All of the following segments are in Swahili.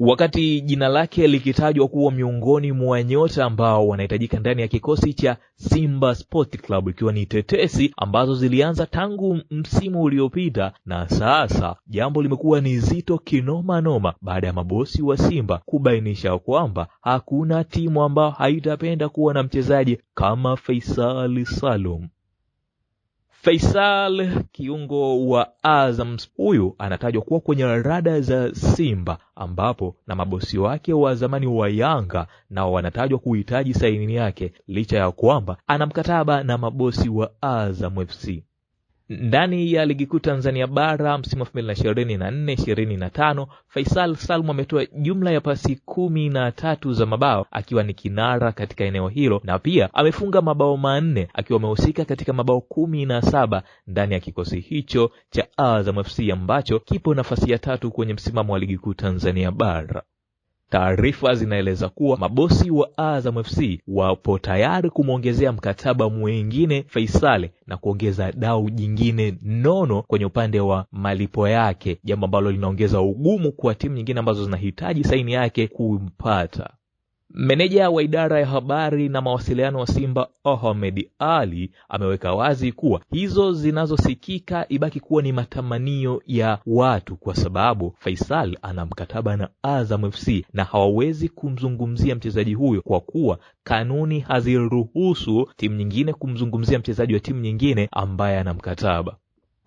wakati jina lake likitajwa kuwa miongoni mwa nyota ambao wanahitajika ndani ya kikosi cha Simba Sport Club, ikiwa ni tetesi ambazo zilianza tangu msimu uliopita, na sasa jambo limekuwa ni zito kinoma noma baada ya mabosi wa Simba kubainisha kwamba hakuna timu ambayo haitapenda kuwa na mchezaji kama Faisal Salum. Faisal kiungo wa Azam huyu anatajwa kuwa kwenye rada za Simba, ambapo na mabosi wake wa zamani wa Yanga nao wanatajwa kuhitaji saini yake, licha ya kwamba ana mkataba na mabosi wa Azam FC ndani ya ligi kuu Tanzania bara msimu elfu mbili na ishirini na nne ishirini na tano Faisal Salum ametoa jumla ya pasi kumi na tatu za mabao akiwa ni kinara katika eneo hilo, na pia amefunga mabao manne akiwa amehusika katika mabao kumi na saba ndani ya kikosi hicho cha Azam FC ambacho kipo nafasi ya tatu kwenye msimamo wa ligi kuu Tanzania bara. Taarifa zinaeleza kuwa mabosi wa Azam FC wapo tayari kumwongezea mkataba mwingine faisale na kuongeza dau jingine nono kwenye upande wa malipo yake, jambo ambalo linaongeza ugumu kwa timu nyingine ambazo zinahitaji saini yake kumpata. Meneja wa idara ya habari na mawasiliano wa Simba Ahmed Ali ameweka wazi kuwa hizo zinazosikika ibaki kuwa ni matamanio ya watu, kwa sababu Faisal ana mkataba na Azam FC na hawawezi kumzungumzia mchezaji huyo kwa kuwa kanuni haziruhusu timu nyingine kumzungumzia mchezaji wa timu nyingine ambaye ana mkataba.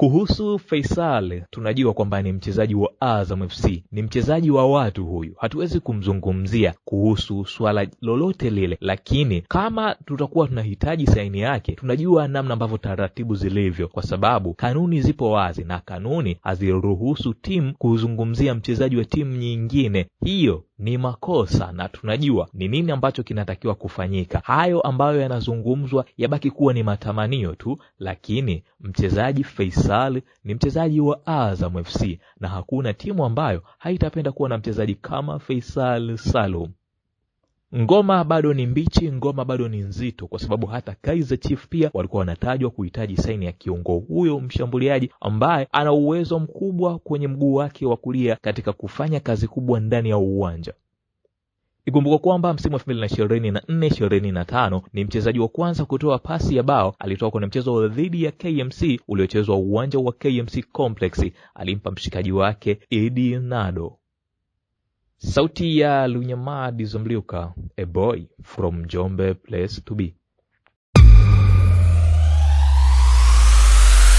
Kuhusu Faisal tunajua kwamba ni mchezaji wa Azam FC, ni mchezaji wa watu huyu, hatuwezi kumzungumzia kuhusu swala lolote lile, lakini kama tutakuwa tunahitaji saini yake, tunajua namna ambavyo taratibu zilivyo, kwa sababu kanuni zipo wazi na kanuni haziruhusu timu kuzungumzia mchezaji wa timu nyingine. Hiyo ni makosa na tunajua ni nini ambacho kinatakiwa kufanyika. Hayo ambayo yanazungumzwa yabaki kuwa ni matamanio tu, lakini mchezaji Faisal ni mchezaji wa Azam FC na hakuna timu ambayo haitapenda kuwa na mchezaji kama Faisal Salum. Ngoma bado ni mbichi, ngoma bado ni nzito, kwa sababu hata Kaizer Chiefs pia walikuwa wanatajwa kuhitaji saini ya kiungo huyo mshambuliaji ambaye ana uwezo mkubwa kwenye mguu wake wa kulia katika kufanya kazi kubwa ndani ya uwanja. Ikumbuka kwamba msimu wa 2024 25 ni mchezaji wa kwanza kutoa pasi ya bao alitoka kwenye mchezo dhidi ya KMC uliochezwa uwanja wa KMC Complex, alimpa mshikaji wake Edi Sauti ya Lunyamadi Zomliuka, a boy from Jombe place to be.